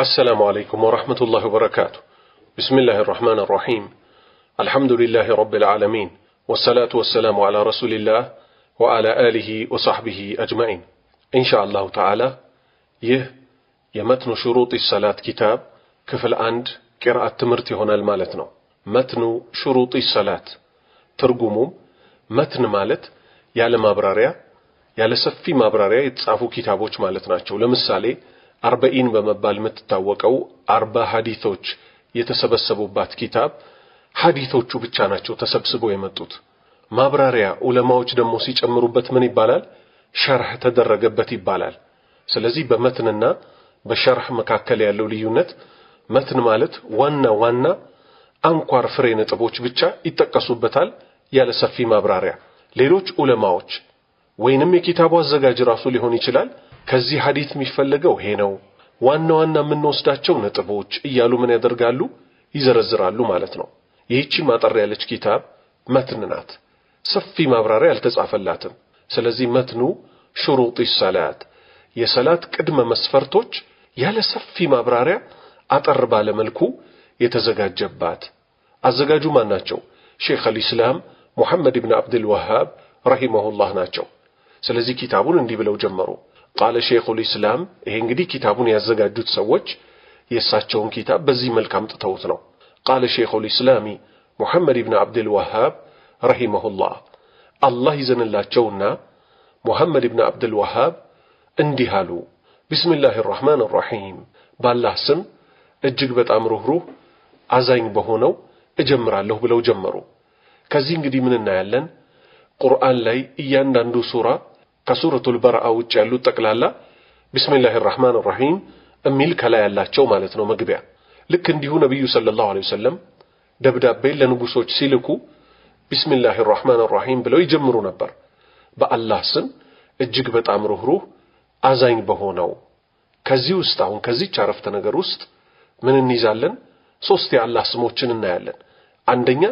السلام عليكم ورحمة الله وبركاته بسم الله الرحمن الرحيم الحمد لله رب العالمين والصلاة والسلام على رسول الله وعلى آله وصحبه أجمعين إن شاء الله تعالى يه يمتن شروط الصلاة كتاب كفل عند قراءة تمرتي هنا المالتنا متن شروط الصلاة ترجمه متن مالت يا لما برارية يا لسفي ما برارية يتصعفو كتابوش مالتنا شو لمسالي አርበኢን በመባል የምትታወቀው አርባ ሐዲቶች የተሰበሰቡባት ኪታብ ሐዲቶቹ ብቻ ናቸው ተሰብስበው የመጡት። ማብራሪያ ዑለማዎች ደግሞ ሲጨምሩበት ምን ይባላል? ሸርህ ተደረገበት ይባላል። ስለዚህ በመትንና በሸርህ መካከል ያለው ልዩነት መትን ማለት ዋና ዋና አንኳር ፍሬ ነጥቦች ብቻ ይጠቀሱበታል ያለ ሰፊ ማብራሪያ ሌሎች ዑለማዎች ወይንም የኪታቡ አዘጋጅ ራሱ ሊሆን ይችላል ከዚህ ሐዲት የሚፈለገው ይሄ ነው፣ ዋና ዋና የምንወስዳቸው ነጥቦች እያሉ ምን ያደርጋሉ? ይዘረዝራሉ ማለት ነው። ይህችን ማጠር ያለች ኪታብ መትን ናት። ሰፊ ማብራሪያ አልተጻፈላትም። ስለዚህ መትኑ ሹሩጢ ሰላት፣ የሰላት ቅድመ መስፈርቶች ያለ ሰፊ ማብራሪያ አጠር ባለ መልኩ የተዘጋጀባት። አዘጋጁ ማን ናቸው? ሼኽ አልኢስላም ሙሐመድ ብን ወሃብ ረሂመሁላህ ናቸው። ስለዚህ ኪታቡን እንዲህ ብለው ጀመሩ። ቃለ ሼኹል ኢስላም። ይሄ እንግዲህ ኪታቡን ያዘጋጁት ሰዎች የእሳቸውን ኪታብ በዚህ መልክ አምጥተውት ነው። ቃለ ሼኹል ኢስላሚ ሙሐመድ ብን አብድልዋሃብ ረሂመሁላህ አላህ ይዘንላቸውና ሙሐመድ ብን አብድልዋሃብ እንዲህ አሉ። ቢስሚላህ ራሕማን ራሒም ባላህ ስም እጅግ በጣም ሩህሩህ አዛኝ በሆነው እጀምራለሁ ብለው ጀመሩ። ከዚህ እንግዲህ ምን እናያለን? ቁርአን ላይ እያንዳንዱ ሱራ ከሱረቱል በርአ ውጭ ያሉት ጠቅላላ ቢስሚላህ ራህማን ራሂም የሚል ከላይ ያላቸው ማለት ነው መግቢያ። ልክ እንዲሁ ነቢዩ ሰለላሁ ዐለይሂ ወሰለም ደብዳቤን ለንጉሶች ሲልኩ ቢስሚላህ ራህማን ራሂም ብለው ይጀምሩ ነበር። በአላህ ስም እጅግ በጣም ሩህሩህ አዛኝ በሆነው። ከዚህ ውስጥ አሁን ከዚች አረፍተ ነገር ውስጥ ምን እንይዛለን? ሶስት የአላህ ስሞችን እናያለን። አንደኛ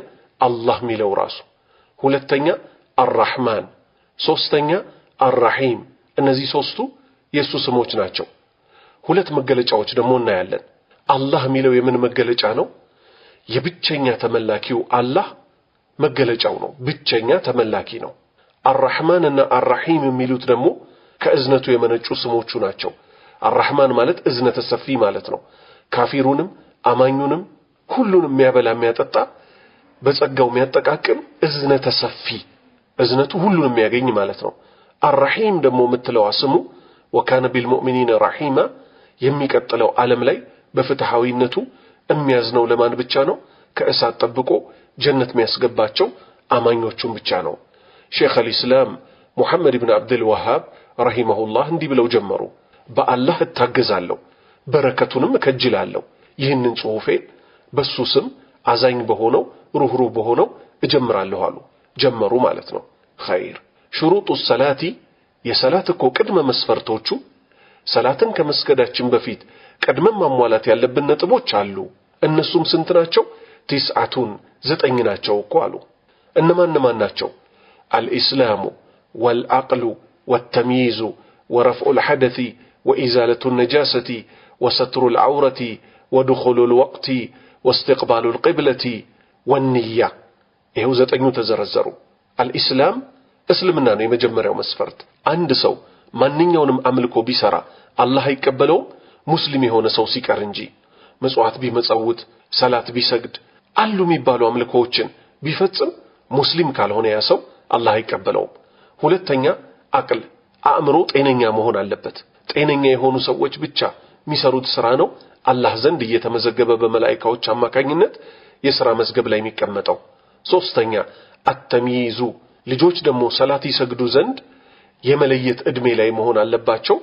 አላህ ሚለው ራሱ፣ ሁለተኛ አራህማን፣ ሶስተኛ አራሂም እነዚህ ሶስቱ የእሱ ስሞች ናቸው። ሁለት መገለጫዎች ደግሞ እናያለን። አላህ የሚለው የምን መገለጫ ነው? የብቸኛ ተመላኪው አላህ መገለጫው ነው። ብቸኛ ተመላኪ ነው። አራህማን እና አራሂም የሚሉት ደግሞ ከእዝነቱ የመነጩ ስሞቹ ናቸው። አራህማን ማለት እዝነተ ሰፊ ማለት ነው። ካፊሩንም አማኙንም ሁሉንም የሚያበላ የሚያጠጣ፣ በጸጋው የሚያጠቃቅም እዝነተ ሰፊ እዝነቱ ሁሉንም የሚያገኝ ማለት ነው። አራሒም ደግሞ የምትለዋ ስሙ ወካነ ቢልሙእሚኒን ረሒማ የሚቀጥለው ዓለም ላይ በፍትሐዊነቱ እሚያዝነው ለማን ብቻ ነው? ከእሳት ጠብቆ ጀነት የሚያስገባቸው አማኞቹን ብቻ ነው። ሼኽ አልኢስላም ሙሐመድ ብን አብድልዋሃብ ረሂመሁላህ እንዲህ ብለው ጀመሩ። በአላህ እታገዛለሁ በረከቱንም እከጅላለሁ። ይህንን ጽሑፌን በሱ ስም አዛኝ በሆነው ሩኅሩህ በሆነው እጀምራለሁ አሉ። ጀመሩ ማለት ነው ኸይር شروط الصلاة يا صلاة كو يسلاتك وكدما مسفرتوچو سلاتن كمسكداتشن بفيت كدما ممولات يالب النتبو تشالو النسوم سنتناتشو تسعتون زت انيناتشو قوالو انما انما ناتشو الاسلام والعقل والتمييز ورفع الحدث وإزالة النجاسة وستر العورة ودخول الوقت واستقبال القبلة والنية إيهو زت أنيو تزرزرو الإسلام እስልምና ነው የመጀመሪያው መስፈርት። አንድ ሰው ማንኛውንም አምልኮ ቢሰራ አላህ አይቀበለውም ሙስሊም የሆነ ሰው ሲቀር እንጂ። መጽዋት ቢመጸውት፣ ሰላት ቢሰግድ፣ አሉ የሚባሉ አምልኮዎችን ቢፈጽም ሙስሊም ካልሆነ ያ ሰው አላህ አይቀበለውም። ሁለተኛ አቅል አእምሮ ጤነኛ መሆን አለበት። ጤነኛ የሆኑ ሰዎች ብቻ የሚሰሩት ስራ ነው አላህ ዘንድ እየተመዘገበ በመላይካዎች አማካኝነት የሥራ መዝገብ ላይ የሚቀመጠው። ሶስተኛ አተሚይዙ ልጆች ደግሞ ሰላት ይሰግዱ ዘንድ የመለየት እድሜ ላይ መሆን አለባቸው።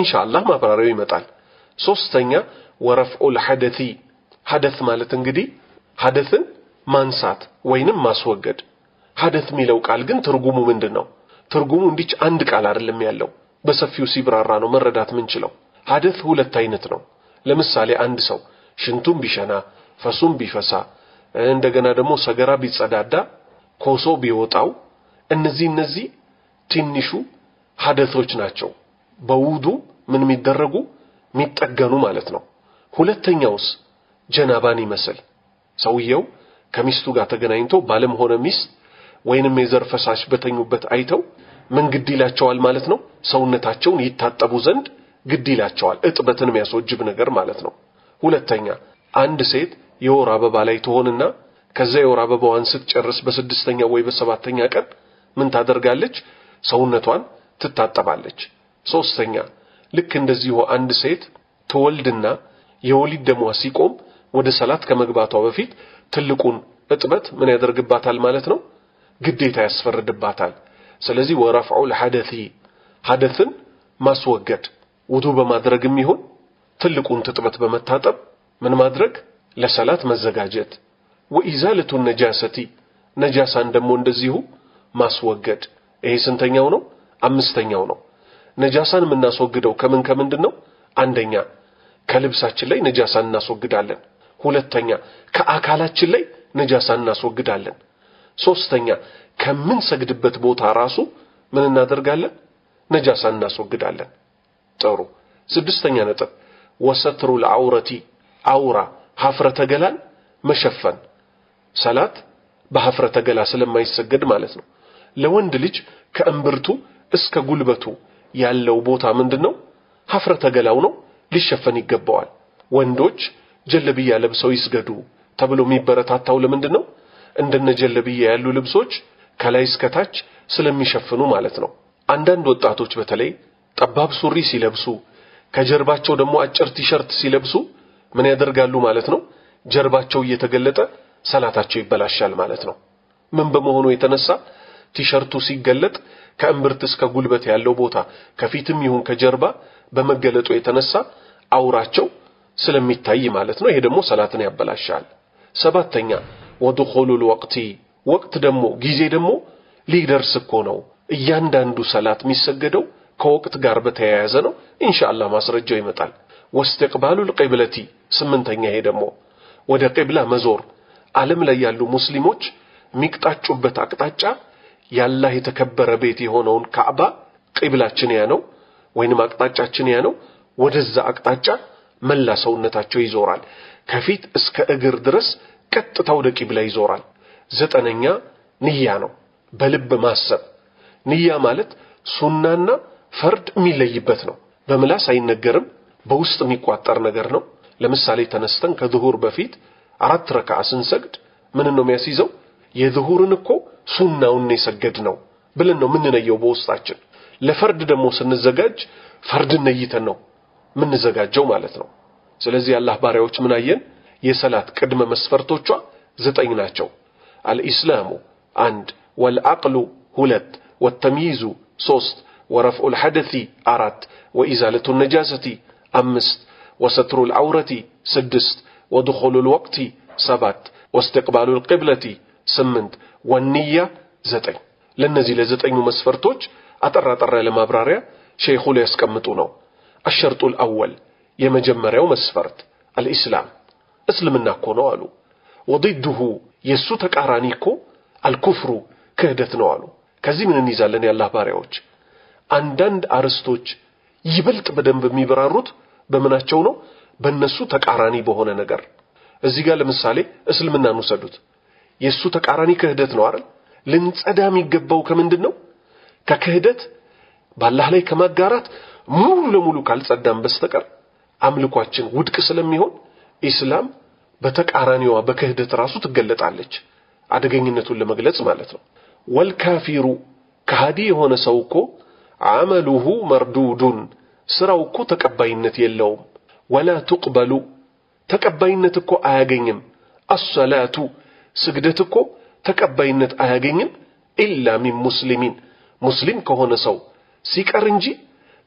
ኢንሻአላህ ማብራሪያው ይመጣል። ሶስተኛ ወረፍዑል ሐደቲ ሐደት ማለት እንግዲህ ሐደትን ማንሳት ወይንም ማስወገድ። ሐደት የሚለው ቃል ግን ትርጉሙ ምንድን ነው? ትርጉሙ እንዲች አንድ ቃል አይደለም ያለው፣ በሰፊው ሲብራራ ነው መረዳት ምንችለው። ሐደት ሁለት አይነት ነው። ለምሳሌ አንድ ሰው ሽንቱም ቢሸና ፈሱም ቢፈሳ እንደገና ደግሞ ሰገራ ቢጸዳዳ ኮሶ ቢወጣው እነዚህ እነዚህ ትንሹ ሀደቶች ናቸው በውዱ ምን የሚደረጉ የሚጠገኑ ማለት ነው። ሁለተኛውስ ጀናባን ይመስል ሰውየው ከሚስቱ ጋር ተገናኝቶ ባለም ሆነ ሚስት ወይንም የዘር ፈሳሽ በተኙበት አይተው ምን ግድ ይላቸዋል ማለት ነው? ሰውነታቸውን ይታጠቡ ዘንድ ግድ ይላቸዋል። እጥበትን የሚያስወጅብ ነገር ማለት ነው። ሁለተኛ አንድ ሴት የወር አበባ ላይ ትሆንና ከዛ የወር አበባዋን ስትጨርስ በስድስተኛ ወይ በሰባተኛ ቀን ምን ታደርጋለች? ሰውነቷን ትታጠባለች። ሶስተኛ ልክ እንደዚሁ አንድ ሴት ትወልድና የወሊድ ደሟ ሲቆም ወደ ሰላት ከመግባቷ በፊት ትልቁን እጥበት ምን ያደርግባታል ማለት ነው? ግዴታ ያስፈርድባታል። ስለዚህ ወረፍዑል ለሐደሲ ሐደስን ማስወገድ ውዱ በማድረግም ይሁን ትልቁን ትጥበት በመታጠብ ምን ማድረግ ለሰላት መዘጋጀት ወኢዛለቱ ነጃሰቲ ነጃሳን ደግሞ እንደዚሁ ማስወገድ። ይሄ ስንተኛው ነው? አምስተኛው ነው። ነጃሳን የምናስወግደው ከምን ከምንድን ነው? አንደኛ ከልብሳችን ላይ ነጃሳን እናስወግዳለን። ሁለተኛ ከአካላችን ላይ ነጃሳን እናስወግዳለን። ሶስተኛ ከምንሰግድበት ቦታ ራሱ ምን እናደርጋለን? ነጃሳን እናስወግዳለን። ጥሩ። ስድስተኛ ነጥብ ወሰትሩ አውረቲ አውራ ሀፍረተ ገላን መሸፈን ሰላት በሀፍረተ ገላ ስለማይሰገድ ማለት ነው። ለወንድ ልጅ ከእምብርቱ እስከ ጉልበቱ ያለው ቦታ ምንድነው? ሀፍረተ ገላው ነው፣ ሊሸፈን ይገባዋል። ወንዶች ጀለብያ ለብሰው ይስገዱ ተብሎ የሚበረታታው ለምንድን ነው? እንደነ ጀለብያ ያሉ ልብሶች ከላይ እስከ ታች ስለሚሸፍኑ ማለት ነው። አንዳንድ ወጣቶች በተለይ ጠባብ ሱሪ ሲለብሱ ከጀርባቸው ደግሞ አጭር ቲሸርት ሲለብሱ ምን ያደርጋሉ ማለት ነው? ጀርባቸው እየተገለጠ ሰላታቸው ይበላሻል ማለት ነው። ምን በመሆኑ የተነሳ ቲሸርቱ ሲገለጥ ከእምብርት እስከ ጉልበት ያለው ቦታ ከፊትም ይሁን ከጀርባ በመገለጡ የተነሳ አውራቸው ስለሚታይ ማለት ነው። ይሄ ደግሞ ሰላትን ያበላሻል። ሰባተኛ ወድኹሉል ወቅቲ ወቅት ደግሞ ጊዜ ደግሞ ሊደርስ እኮ ነው። እያንዳንዱ ሰላት የሚሰገደው ከወቅት ጋር በተያያዘ ነው። ኢንሻአላህ ማስረጃው ይመጣል። ወስተቅባሉል ቂብለቲ ስምንተኛ ይሄ ደግሞ ወደ ቂብላ መዞር ዓለም ላይ ያሉ ሙስሊሞች የሚቅጣጩበት አቅጣጫ ያላህ የተከበረ ቤት የሆነውን ካዕባ ቂብላችን ያ ነው ወይንም አቅጣጫችን ያ ነው። ወደዛ አቅጣጫ መላ ሰውነታቸው ይዞራል። ከፊት እስከ እግር ድረስ ቀጥታ ወደ ቂብላ ይዞራል። ዘጠነኛ ንያ ነው፣ በልብ ማሰብ። ንያ ማለት ሱናና ፈርድ የሚለይበት ነው። በምላስ አይነገርም፣ በውስጥ የሚቋጠር ነገር ነው። ለምሳሌ ተነስተን ከዙሁር በፊት አራት ረካዓ ስንሰግድ ምንን ነው የሚያስይዘው? የዙሁርን እኮ ሱናውን የሰገድ ነው ብለን ነው የምንነየው በውስጣችን። ለፈርድ ደግሞ ስንዘጋጅ ፈርድን ነይተን ነው የምንዘጋጀው ማለት ነው። ስለዚህ የአላህ ባሪያዎች ምን አየን? የሰላት ቅድመ መስፈርቶቿ ዘጠኝ ናቸው። አልኢስላሙ አንድ፣ ወልአቅሉ ሁለት፣ ወተምይዙ ሶስት፣ ወረፍዑል ሐደሲ አራት፣ ወኢዛለቱ ነጃሰቲ አምስት፣ ወሰትሩል አውረቲ ስድስት፣ ወድኹሉል ወቅቲ ሰባት፣ ወስትቅባሉል ቂብለቲ ስምንት ወንያ ዘጠኝ ለእነዚህ ለዘጠኙ መስፈርቶች አጠራ ጠራ ለማብራሪያ ሼኹ ሊያስቀምጡ ነው። አሸርጡል አወል የመጀመሪያው መስፈርት አልኢስላም እስልምና እኮ ነው አሉ። ወዲድሁ የእሱ ተቃራኒ እኮ አልኩፍሩ ክህደት ነው አሉ። ከዚህ ምን እንይዛለን? የአላህ ባሪያዎች፣ አንዳንድ አርስቶች ይበልጥ በደንብ የሚበራሩት በምናቸው ነው? በእነሱ ተቃራኒ በሆነ ነገር። እዚህ ጋር ለምሳሌ እስልምናን ውሰዱት። የእሱ ተቃራኒ ክህደት ነው አይደል? ልንጸዳ የሚገባው ከምንድን ነው? ከክህደት በአላህ ላይ ከማጋራት ሙሉ ለሙሉ ካልጸዳም በስተቀር አምልኳችን ውድቅ ስለሚሆን ኢስላም በተቃራኒዋ በክህደት ራሱ ትገለጣለች። አደገኝነቱን ለመግለጽ ማለት ነው። ወልካፊሩ ከሃዲ የሆነ ሰው እኮ አመሉሁ መርዱዱን ስራው እኮ ተቀባይነት የለውም። ወላ ቱቅበሉ ተቀባይነት እኮ አያገኝም። አሰላቱ ስግደት እኮ ተቀባይነት አያገኝም ኢላ ሚን ሙስሊሚን ሙስሊም ከሆነ ሰው ሲቀር እንጂ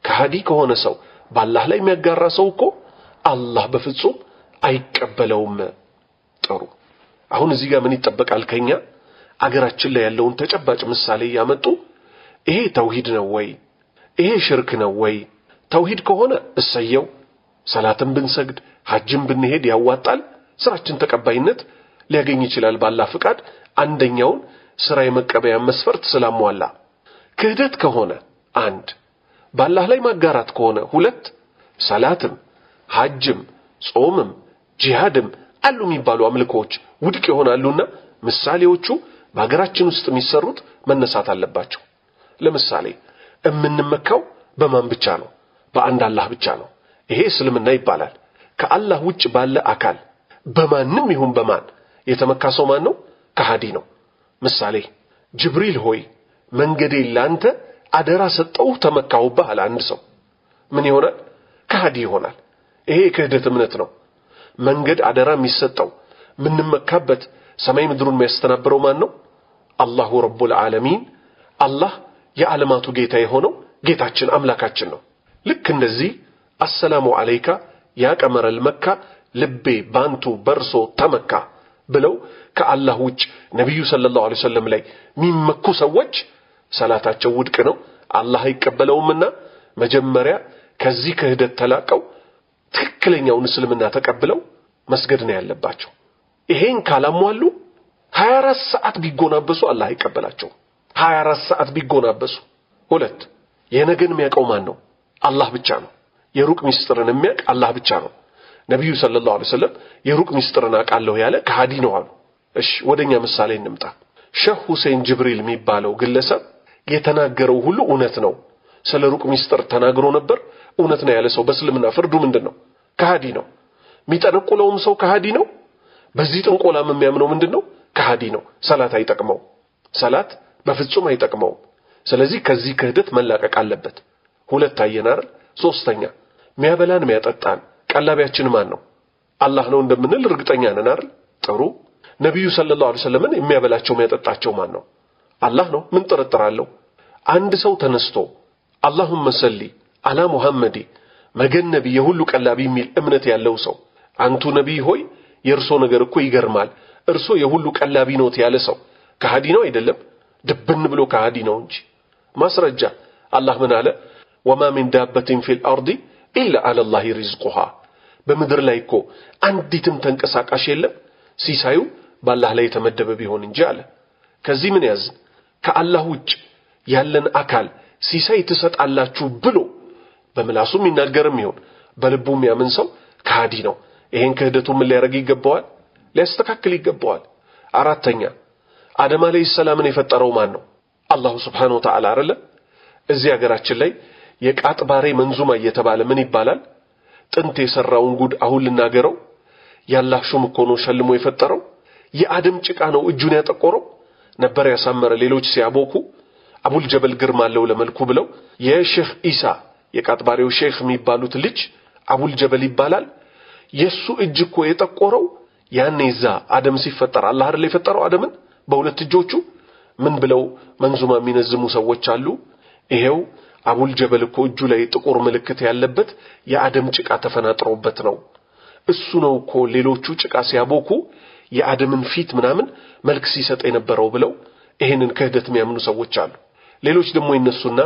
ከሃዲ ከሆነ ሰው በአላህ ላይ የሚያጋራ ሰው እኮ አላህ በፍጹም አይቀበለውም። ጥሩ አሁን እዚህ ጋር ምን ይጠበቃል ከኛ? አገራችን ላይ ያለውን ተጨባጭ ምሳሌ እያመጡ ይሄ ተውሂድ ነው ወይ ይሄ ሽርክ ነው ወይ? ተውሂድ ከሆነ እሰየው፣ ሰላትን ብንሰግድ ሐጅን ብንሄድ ያዋጣል፣ ስራችን ተቀባይነት ሊያገኝ ይችላል። ባላ ፍቃድ አንደኛውን ስራ የመቀበያ መስፈርት ስላሟላ። ክህደት ከሆነ አንድ ባላህ ላይ ማጋራት ከሆነ ሁለት ሰላትም፣ ሐጅም፣ ጾምም፣ ጂሃድም አሉ የሚባሉ አምልኮዎች ውድቅ ይሆናሉና ምሳሌዎቹ በሀገራችን ውስጥ የሚሰሩት መነሳት አለባቸው። ለምሳሌ እምንመካው በማን ብቻ ነው? በአንድ አላህ ብቻ ነው። ይሄ እስልምና ይባላል። ከአላህ ውጭ ባለ አካል በማንም ይሁን በማን የተመካ ሰው ማን ነው? ከሃዲ ነው። ምሳሌ ጅብሪል ሆይ መንገዴ ላንተ አደራ ሰጠው ተመካሁብህ አለ አንድ ሰው ምን ይሆናል? ከሃዲ ይሆናል። ይሄ የክህደት እምነት ነው። መንገድ አደራ የሚሰጠው የምንመካበት ሰማይ ምድሩን የሚያስተናብረው ማን ነው? አላሁ ረቡል ዓለሚን አላህ የዓለማቱ ጌታ የሆነው ጌታችን አምላካችን ነው። ልክ እንደዚህ አሰላሙ አለይካ ያ ቀመረል መካ ልቤ ባንቱ በርሶ ተመካ ብለው ከአላህ ውጭ ነቢዩ ሰለላሁ ዐለይሂ ወሰለም ላይ የሚመኩ ሰዎች ሰላታቸው ውድቅ ነው፣ አላህ አይቀበለውምና መጀመሪያ ከዚህ ክህደት ተላቀው ትክክለኛውን እስልምና ተቀብለው መስገድ ነው ያለባቸው። ይሄን ካላሟሉ 24 ሰዓት ቢጎናበሱ አላህ አይቀበላቸውም። 24 ሰዓት ቢጎናበሱ። ሁለት የነገን የሚያውቀው ማን ነው? አላህ ብቻ ነው። የሩቅ ሚስጥርን የሚያውቅ አላህ ብቻ ነው። ነቢዩ ሰለላሁ ዐለይሂ ወሰለም የሩቅ ሚስጥርን አውቃለሁ ያለ ከሃዲ ነው አሉ። እሺ ወደኛ ምሳሌ እንምጣ። ሸህ ሁሴን ጅብሪል የሚባለው ግለሰብ የተናገረው ሁሉ እውነት ነው። ስለ ሩቅ ሚስጥር ተናግሮ ነበር፣ እውነት ነው ያለ ሰው በእስልምና ፍርዱ ምንድን ነው? ከሃዲ ነው። የሚጠነቁለውም ሰው ከሃዲ ነው። በዚህ ጥንቆላም የሚያምነው ምንድን ነው? ከሃዲ ነው። ሰላት አይጠቅመው፣ ሰላት በፍጹም አይጠቅመውም። ስለዚህ ከዚህ ክህደት መላቀቅ አለበት። ሁለት አየናር ሶስተኛ ሚያበላን ሚያጠጣን ቀላቢያችን ማን ነው? አላህ ነው እንደምንል እርግጠኛ ነን አይደል? ጥሩ። ነቢዩ ሰለላሁ ዐለይሂ ወሰለምን የሚያበላቸው የሚያጠጣቸው ማን ነው? አላህ ነው። ምን ጥርጥር አለው? አንድ ሰው ተነስቶ አላሁመ ሰሊ አላ ሙሐመዲ መገነቢ የሁሉ ቀላቢ የሚል እምነት ያለው ሰው አንቱ ነቢይ ሆይ የእርሶ ነገር እኮ ይገርማል፣ እርሶ የሁሉ ቀላቢ ኖት ያለ ሰው ከሃዲ ነው አይደለም? ድብን ብሎ ከሃዲ ነው እንጂ። ማስረጃ አላህ ምን አለ? ወማ ሚን ዳበትን ፊል አርዲ ኢላ አለላሂ ሪዝቁሃ በምድር ላይ እኮ አንዲትም ተንቀሳቃሽ የለም ሲሳዩ በአላህ ላይ የተመደበ ቢሆን እንጂ አለ። ከዚህ ምን ያዝ? ከአላህ ውጭ ያለን አካል ሲሳይ ትሰጣላችሁ ብሎ በምላሱ ይናገርም ይሆን በልቡም ያምን ሰው ከሃዲ ነው። ይሄን ክህደቱ ምን ሊያደርግ ይገባዋል? ሊያስተካክል ይገባዋል። አራተኛ አደም አለይሂ ሰላምን የፈጠረው ማን ነው? አላሁ ስብሓነሁ ወተዓላ አይደለ? እዚህ ሀገራችን ላይ የቃጥባሬ መንዙማ እየተባለ ምን ይባላል? ጥንት የሰራውን ጉድ አሁን ልናገረው? ያላህ ሹም እኮ ነው ሸልሞ የፈጠረው። የአደም ጭቃ ነው እጁን ያጠቆረው። ነበር ያሳመረ ሌሎች ሲያቦኩ አቡል ጀበል ግርማ አለው ለመልኩ ብለው የሼህ ኢሳ የቃጥባሪው ሼህ የሚባሉት ልጅ አቡል ጀበል ይባላል። የሱ እጅ እኮ የጠቆረው ያኔ እዛ አደም ሲፈጠር አላህ አይደል የፈጠረው አደምን በሁለት እጆቹ ምን ብለው መንዙማ የሚነዝሙ ሰዎች አሉ። ይሄው አቡልጀበል እኮ እጁ ላይ ጥቁር ምልክት ያለበት የአደም ጭቃ ተፈናጥሮበት ነው። እሱ ነው እኮ ሌሎቹ ጭቃ ሲያቦኩ የአደምን ፊት ምናምን መልክ ሲሰጥ የነበረው ብለው ይሄንን ክህደት የሚያምኑ ሰዎች አሉ። ሌሎች ደግሞ ይነሱና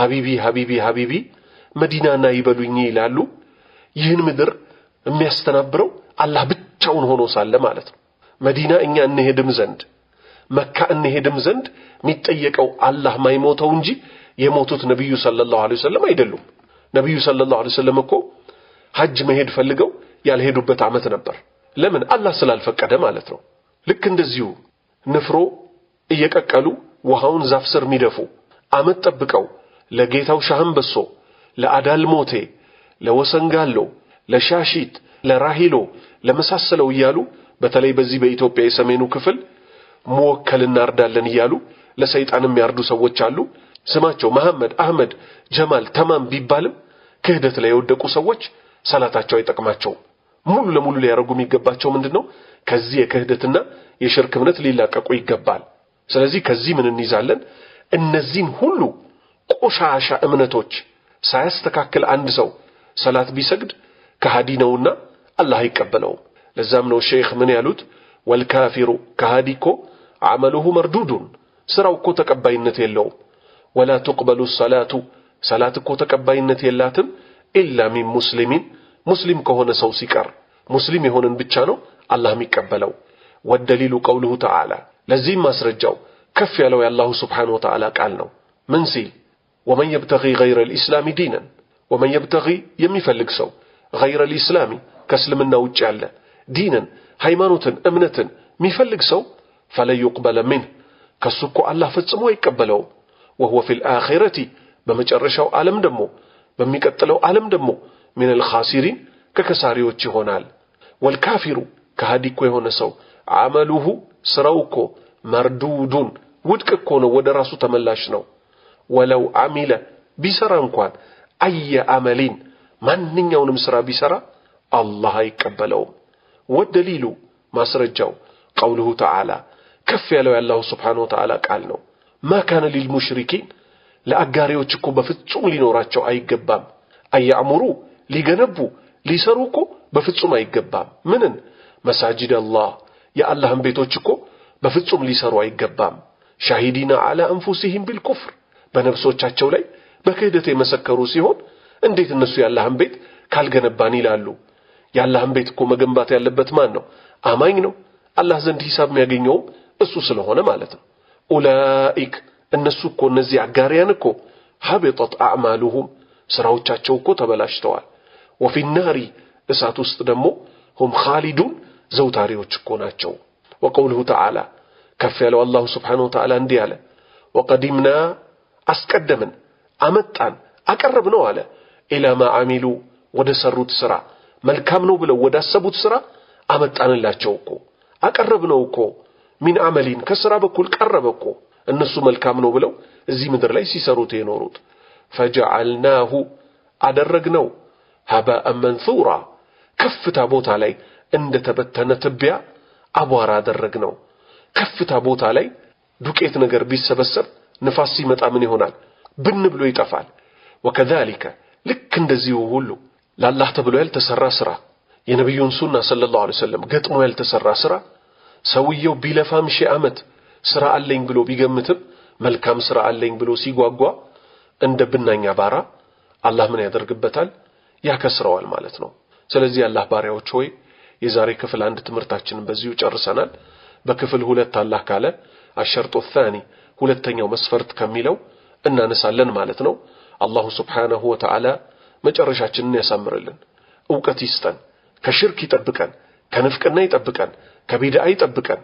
ሀቢቢ ሀቢቢ ሀቢቢ መዲናና ይበሉኝ ይላሉ። ይህን ምድር የሚያስተናብረው አላህ ብቻውን ሆኖ ሳለ ማለት ነው። መዲና እኛ እንሄድም ዘንድ መካ እንሄድም ዘንድ የሚጠየቀው አላህ ማይሞተው እንጂ የሞቱት ነቢዩ ሰለላሁ ዐለይሂ ወሰለም አይደሉም። ነቢዩ ሰለላሁ ዐለይሂ ወሰለም እኮ ሐጅ መሄድ ፈልገው ያልሄዱበት ዓመት ነበር። ለምን? አላህ ስላልፈቀደ ማለት ነው። ልክ እንደዚሁ ንፍሮ እየቀቀሉ ውሃውን ዛፍ ስር የሚደፉ ዓመት ጠብቀው ለጌታው ለአዳል ለአዳልሞቴ፣ ለወሰንጋሎ፣ ለሻሺት፣ ለራሂሎ ለመሳሰለው እያሉ በተለይ በዚህ በኢትዮጵያ የሰሜኑ ክፍል መወከል እናርዳለን እያሉ ለሰይጣን የሚያርዱ ሰዎች አሉ። ስማቸው መሐመድ፣ አህመድ፣ ጀማል፣ ተማም ቢባልም ክህደት ላይ የወደቁ ሰዎች ሰላታቸው አይጠቅማቸውም። ሙሉ ለሙሉ ሊያደርጉ የሚገባቸው ምንድን ነው? ከዚህ የክህደትና የሽርክ እምነት ሊላቀቁ ይገባል። ስለዚህ ከዚህ ምን እንይዛለን? እነዚህን ሁሉ ቆሻሻ እምነቶች ሳያስተካክል አንድ ሰው ሰላት ቢሰግድ ከሃዲ ነውና አላህ አይቀበለውም። ለዛም ነው ሼኽ ምን ያሉት ወልካፊሩ ከሃዲ እኮ አመሉሁ መርዱዱን ስራው እኮ ተቀባይነት የለውም። ولا تقبل الصلاة صلاة تكبّي النتي اللاتم إلا من مسلمين مسلم كهون سوسيكر مسلم هون بتشانو الله مكبلو والدليل قوله تعالى لزيم ما سرجو كفي على الله سبحانه وتعالى قالنو من سيل ومن يبتغي غير الإسلام دينا ومن يبتغي يمي فلقسو غير الإسلام كسلمنا وجعل دينا هيمانوتا أمنة مي فلقسو فلا يقبل منه كسكو الله فتسمو يكبلو وهو في الآخرة بمجرشو عالم دمو بمكتلو عالم دمو من الخاسرين ككساريو تشيهونال والكافر كهدي كويهو نسو عمله سروكو مردودون ودككونا ودراسو تملاشنو ولو عمل بسرانكوان أي عملين من نينيو نمسرا بسرا الله يكبلو والدليل ما سرجو قوله تعالى كفي الله سبحانه وتعالى قالنو ማካነ ሊል ሙሽሪኪን ለአጋሪዎች እኮ በፍጹም ሊኖራቸው አይገባም። አያዕሙሩ ሊገነቡ ሊሰሩ እኮ በፍጹም አይገባም። ምንን መሳጅድ አላህ የአላህን ቤቶች እኮ በፍጹም ሊሰሩ አይገባም። ሻሂዲና አላ አንፉሲሂም ቢልኩፍር በነፍሶቻቸው ላይ በክህደት የመሰከሩ ሲሆን እንዴት እነሱ የአላህን ቤት ካልገነባን ይላሉ። የአላህን ቤት እኮ መገንባት ያለበት ማን ነው? አማኝ ነው። አላህ ዘንድ ሂሳብ የሚያገኘውም እሱ ስለሆነ ማለት ነው። ኡላኢክ እነሱ እኮ እነዚህ አጋሪያን እኮ ሀቢጠት አዕማሉሁም ስራዎቻቸው እኮ ተበላሽተዋል። ወፊናሪ እሳት ውስጥ ደግሞ ሁም ኻሊዱን ዘውታሪዎች እኮ ናቸው። ወቀውልሁ ተዓላ ከፍ ያለው አላሁ ስብሓነሁ ወተዓላ እንዲህ አለ፣ ወቀዲምና አስቀደምን፣ አመጣን፣ አቀረብ ነው አለ ኢላማ አሚሉ ወደ ሰሩት ስራ መልካም ነው ብለው ወዳሰቡት ስራ አመጣንላቸው እኮ አቀረብ ነው እኮ ሚን አመሊን ከስራ በኩል ቀረበ እኮ እነሱ መልካም ነው ብለው እዚህ ምድር ላይ ሲሰሩት የኖሩት ፈጀዓልናሁ አደረግነው ሀባአን መንሱራ ከፍታ ቦታ ላይ እንደ ተበተነ ትቢያ አቧራ አደረግነው። ከፍታ ቦታ ላይ ዱቄት ነገር ቢሰበሰብ ንፋስ ሲመጣ ምን ይሆናል? ብን ብሎ ይጠፋል። ወከዛሊከ ልክ እንደዚሁ ሁሉ ለአላህ ተብሎ ያልተሰራ ስራ የነቢዩን ሱና ሰለላሁ ዐለይሂ ወሰለም ገጥሞ ያልተሰራ ስራ ሰውየው ቢለፋም ሺህ ዓመት ስራ አለኝ ብሎ ቢገምትም መልካም ስራ አለኝ ብሎ ሲጓጓ እንደ ብናኛ ባራ አላህ ምን ያደርግበታል? ያከስረዋል ማለት ነው። ስለዚህ አላህ ባሪያዎች ሆይ የዛሬ ክፍል አንድ ትምህርታችንን በዚሁ ጨርሰናል። በክፍል ሁለት አላህ ካለ አሸርጦ ታኒ ሁለተኛው መስፈርት ከሚለው እናነሳለን ማለት ነው። አላሁ ስብሓነሁ ወተዓላ መጨረሻችንን ያሳምርልን፣ እውቀት ይስጠን፣ ከሽርክ ይጠብቀን፣ ከንፍቅና ይጠብቀን። أيت أبكا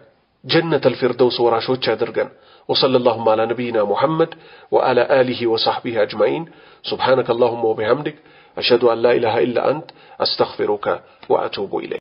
جنة الفردوس وراشو ያድርገን وصلى اللهم على نبينا محمد وعلى آله وصحبه أجمعين سبحانك اللهم وبحمدك أشهد أن لا إله إلا أنت أستغفرك وأتوب إليك